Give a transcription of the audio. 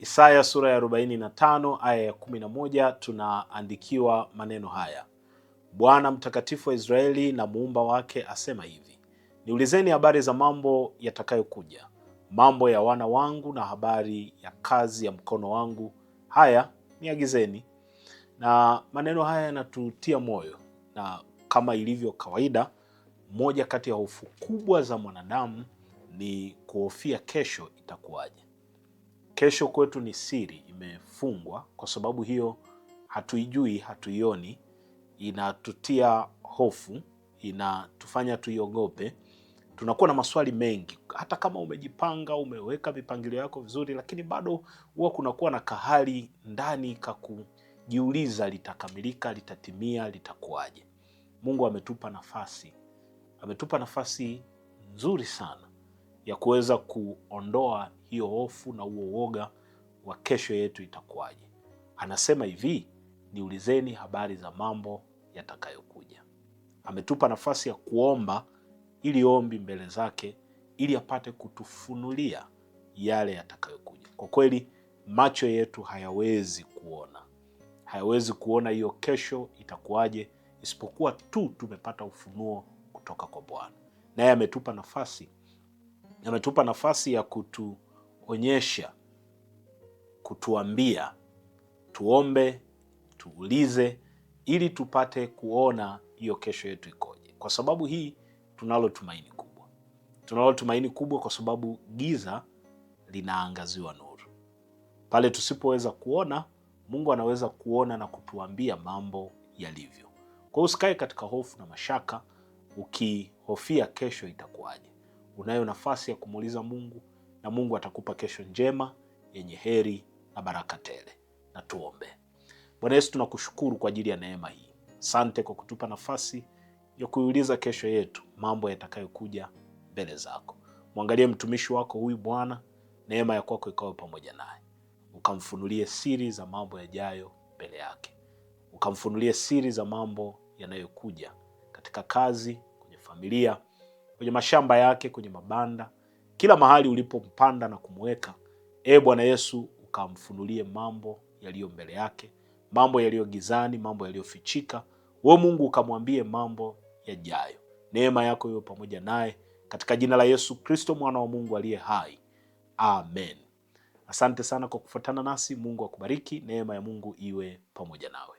Isaya sura ya 45 aya ya 11 tunaandikiwa maneno haya: Bwana mtakatifu wa Israeli na muumba wake asema hivi, niulizeni habari za mambo yatakayokuja, mambo ya wana wangu na habari ya kazi ya mkono wangu, haya niagizeni. Na maneno haya yanatutia moyo, na kama ilivyo kawaida, moja kati ya hofu kubwa za mwanadamu ni kuhofia kesho itakuwaje. Kesho kwetu ni siri, imefungwa kwa sababu hiyo hatuijui, hatuioni. Inatutia hofu, inatufanya tuiogope, tunakuwa na maswali mengi. Hata kama umejipanga, umeweka mipangilio yako vizuri, lakini bado huwa kunakuwa na kahali ndani ka kujiuliza litakamilika, litatimia, litakuwaje? Mungu ametupa nafasi, ametupa nafasi nzuri sana ya kuweza kuondoa hiyo hofu na huo uoga wa kesho yetu itakuwaje. Anasema hivi, niulizeni habari za mambo yatakayokuja. Ametupa nafasi ya kuomba ili ombi mbele zake ili apate kutufunulia yale yatakayokuja. Kwa kweli macho yetu hayawezi kuona, hayawezi kuona hiyo kesho itakuwaje, isipokuwa tu tumepata ufunuo kutoka kwa Bwana, naye ametupa nafasi ametupa nafasi ya kutuonyesha, kutuambia tuombe, tuulize, ili tupate kuona hiyo kesho yetu ikoje, kwa sababu hii tunalo tumaini kubwa, tunalo tumaini kubwa kwa sababu giza linaangaziwa nuru. Pale tusipoweza kuona, Mungu anaweza kuona na kutuambia mambo yalivyo. Kwa hiyo usikae katika hofu na mashaka ukihofia kesho itakuwaje unayo nafasi ya kumuuliza Mungu na Mungu atakupa kesho njema yenye heri na baraka tele. Na tuombe. Bwana Yesu, tunakushukuru kwa ajili ya neema hii. Asante kwa kutupa nafasi ya kuiuliza kesho yetu mambo yatakayokuja mbele zako. Mwangalie mtumishi wako huyu Bwana, neema ya kwako ikawe pamoja naye, ukamfunulie siri za mambo yajayo mbele yake, ukamfunulie siri za mambo yanayokuja katika kazi, kwenye familia kwenye mashamba yake, kwenye mabanda, kila mahali ulipompanda na kumweka. Ee Bwana Yesu, ukamfunulie mambo yaliyo mbele yake, mambo yaliyo gizani, mambo yaliyofichika. We Mungu ukamwambie mambo yajayo. Neema yako iwe pamoja naye katika jina la Yesu Kristo, mwana wa Mungu aliye hai, amen. Asante sana kwa kufuatana nasi. Mungu akubariki. Neema ya Mungu iwe pamoja nawe.